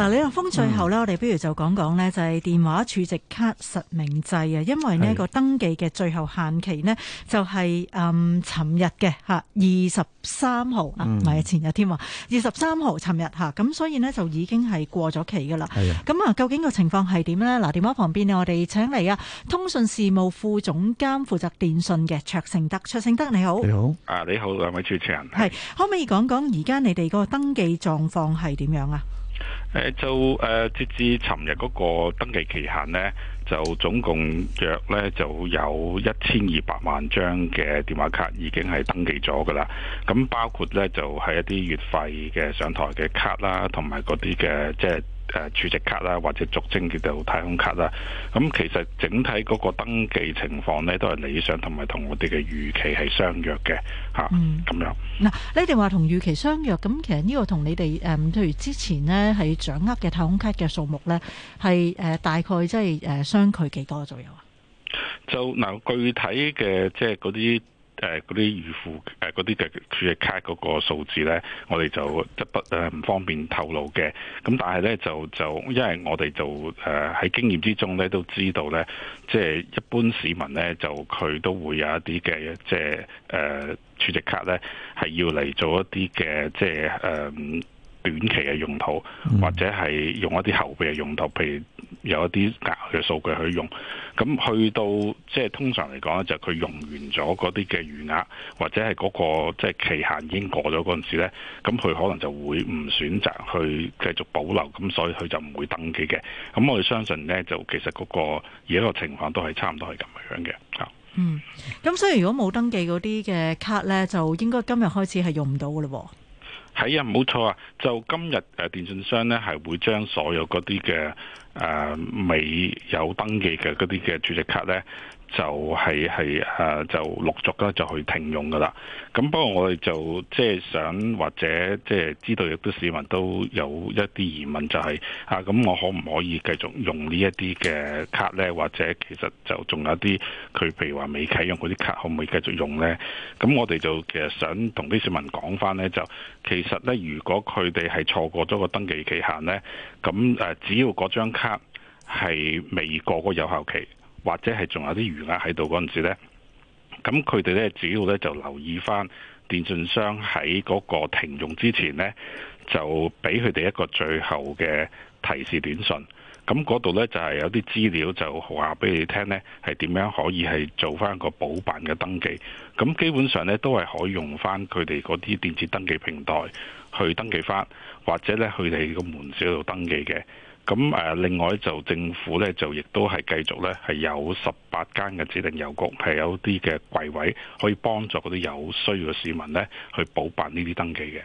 嗱，李立峰，最後咧，我哋不如就講講咧，就係、是、電話儲值卡實名制啊，因為呢個登記嘅最後限期呢，就係誒尋日嘅嚇二十三號，唔係、嗯啊、前日添啊，二十三號尋日嚇，咁所以呢，就已經係過咗期噶啦。係啊的，咁啊，究竟個情況係點咧？嗱，電話旁邊我哋請嚟啊，通訊事務副總監負責電訊嘅卓聖德，卓聖德你好。你好，啊你好，啊你好兩位主持人。係，可唔可以講講而家你哋個登記狀況係點樣啊？誒，就誒，截至尋日嗰個登記期限呢，就總共約咧就有一千二百萬張嘅電話卡已經係登記咗噶啦。咁包括呢，就係一啲月費嘅上台嘅卡啦，同埋嗰啲嘅即係。誒，儲值、啊、卡啦，或者俗稱叫做太空卡啦，咁、啊、其實整體嗰個登記情況呢，都係理想，同埋同我哋嘅預期係相約嘅，吓、啊，咁、嗯、樣。嗱、啊，你哋話同預期相約，咁其實呢個同你哋誒，譬、嗯、如之前呢係掌握嘅太空卡嘅數目呢，係誒、呃、大概即係誒相距幾多左右啊？就嗱，具體嘅即係嗰啲。就是誒嗰啲預付誒嗰啲嘅儲值卡嗰個數字咧，我哋就即不誒唔、呃、方便透露嘅。咁但係咧就就，因為我哋就誒喺、呃、經驗之中咧都知道咧，即、就、係、是、一般市民咧就佢都會有一啲嘅即係誒儲值卡咧係要嚟做一啲嘅即係誒短期嘅用途，或者係用一啲後備嘅用途，譬如。有一啲額嘅數據去用，咁去到即係通常嚟講咧，就佢用完咗嗰啲嘅餘額，或者係嗰個即係期限已經過咗嗰陣時咧，咁佢可能就會唔選擇去繼續保留，咁所以佢就唔會登記嘅。咁我哋相信咧，就其實嗰個而家個情況都係差唔多係咁樣嘅嚇。嗯，咁所以如果冇登記嗰啲嘅卡咧，就應該今日開始係用唔到嘅嘞。係啊，冇錯啊，就今日誒，電信商咧，係會將所有嗰啲嘅誒未有登記嘅嗰啲嘅儲值卡咧。就係係誒，就陸續咧就去停用噶啦。咁不過我哋就即係想或者即係知道，亦都市民都有一啲疑問，就係、是、啊咁，我可唔可以繼續用呢一啲嘅卡呢？或者其實就仲有啲佢譬如話未啟用嗰啲卡，可唔可以繼續用呢？咁我哋就其實想同啲市民講返呢，就其實呢，如果佢哋係錯過咗個登記期限呢，咁只要嗰張卡係未過個有效期，或者係仲有啲餘額喺度嗰陣時呢，咁佢哋呢主要呢就留意翻電信商喺嗰個停用之前呢，就俾佢哋一個最後嘅提示短信。咁嗰度呢，就係有啲資料就話俾你聽呢係點樣可以係做翻一個補辦嘅登記。咁基本上呢，都係可以用翻佢哋嗰啲電子登記平台去登記返，或者呢，佢哋個門市嗰度登記嘅。咁誒，另外就政府咧，就亦都係繼續咧，係有十八間嘅指定郵局，係有啲嘅櫃位，可以幫助嗰啲有需要嘅市民咧，去補辦呢啲登記嘅。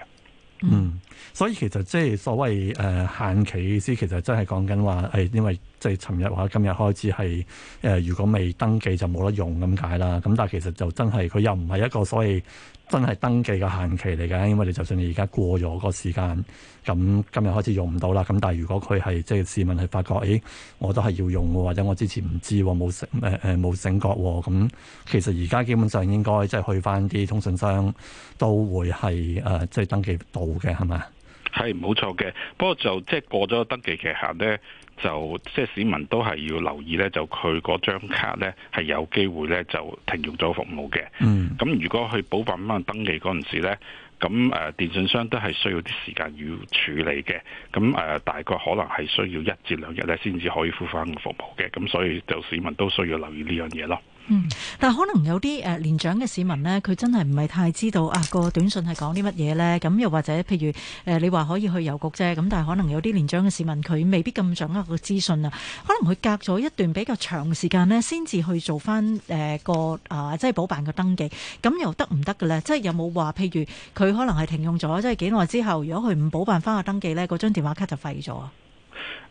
嗯，所以其實即係所謂誒限期意思，其實真係講緊話誒，因為即係尋日或者今日開始係誒、呃，如果未登記就冇得用咁解啦。咁但係其實就真係佢又唔係一個所謂真係登記嘅限期嚟嘅，因為你就算你而家過咗個時間，咁今日開始用唔到啦。咁但係如果佢係即係市民係發覺咦、哎，我都係要用喎，或者我之前唔知冇醒誒誒冇醒覺，喎，咁其實而家基本上應該即係去翻啲通訊商都會係誒即係登記到。嘅係嘛，係冇錯嘅。不過就即係過咗登記期限咧，就即係市民都係要留意咧，就佢嗰張卡咧係有機會咧就停用咗服務嘅。咁、嗯、如果去補辦翻登記嗰陣時咧，咁誒、呃、電信商都係需要啲時間要處理嘅。咁誒、呃、大概可能係需要一至兩日咧，先至可以恢復翻服務嘅。咁所以就市民都需要留意呢樣嘢咯。嗯，但係可能有啲年長嘅市民呢，佢真係唔係太知道啊個短信係講啲乜嘢呢？咁又或者譬如，呃，你話可以去郵局啫。咁但係可能有啲年長嘅市民佢未必咁掌握個資訊啊。可能佢隔咗一段比較長時間呢，先至去做翻誒個啊，即係補辦個登記。咁又得唔得嘅呢？即係有冇話譬如佢可能係停用咗，即係幾耐之後，如果佢唔補辦翻個登記呢，嗰張電話卡就廢咗。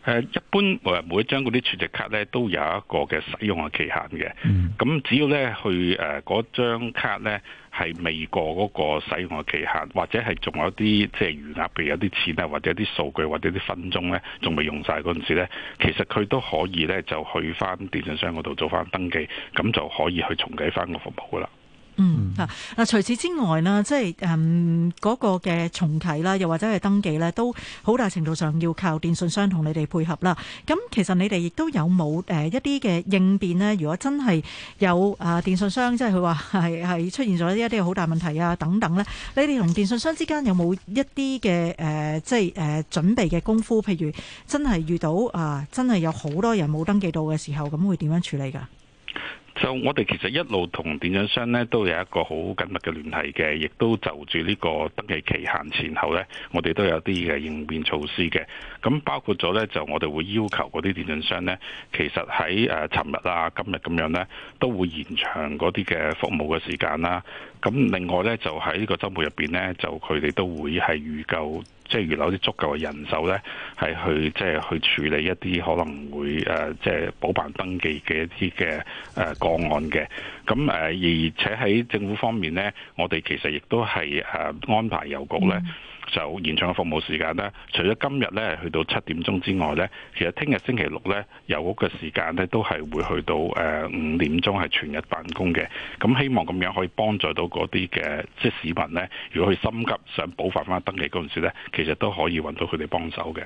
誒、uh, 一般誒每一張嗰啲儲值卡咧都有一個嘅使用嘅期限嘅，咁、嗯、只要咧去誒嗰張卡咧係未過嗰個使用嘅期限，或者係仲有啲即係餘額，譬如有啲錢啊，或者啲數據或者啲分鐘咧仲未用晒嗰陣時咧，其實佢都可以咧就去翻電信商嗰度做翻登記，咁就可以去重計翻個服務噶啦。嗯吓，嗱、啊、除此之外呢，即係誒嗰個嘅重啟啦，又或者係登記呢，都好大程度上要靠電信商同你哋配合啦。咁其實你哋亦都有冇誒一啲嘅應變呢？如果真係有啊，電信商即係佢話係係出現咗一啲好大問題啊等等呢，你哋同電信商之間有冇一啲嘅誒即係誒、呃、準備嘅功夫？譬如真係遇到啊，真係有好多人冇登記到嘅時候，咁會點樣處理噶？就我哋其實一路同電信商咧都有一個好緊密嘅聯繫嘅，亦都就住呢個登記期限前後咧，我哋都有啲嘅應變措施嘅。咁包括咗咧，就我哋會要求嗰啲電信商咧，其實喺誒尋日啊、今日咁樣咧，都會延長嗰啲嘅服務嘅時間啦。咁另外咧，就喺呢個周末入邊咧，就佢哋都會係預購。即係預留啲足夠嘅人手呢，係去即係、就是、去處理一啲可能會誒、啊，即係補辦登記嘅一啲嘅誒個案嘅。咁誒、啊，而且喺政府方面呢，我哋其實亦都係誒安排郵局呢就延長服務時間呢，除咗今日呢去到七點鐘之外呢，其實聽日星期六呢，郵局嘅時間呢都係會去到誒五點鐘係全日辦公嘅。咁希望咁樣可以幫助到嗰啲嘅即係市民呢，如果佢心急想補辦翻登記嗰陣時呢，其實都可以揾到佢哋幫手嘅。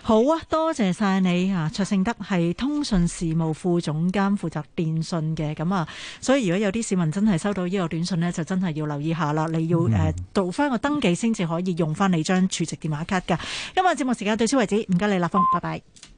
好啊，多謝晒你啊，卓聖德係通訊事務副總監，負責電訊嘅。咁啊，所以如果有啲市民真係收到呢個短信呢，就真係要留意下啦。你要誒，做翻、嗯呃、個登記先至可以用翻你張儲值電話卡嘅。今日節目時間到此為止，唔該，你立峰，拜拜。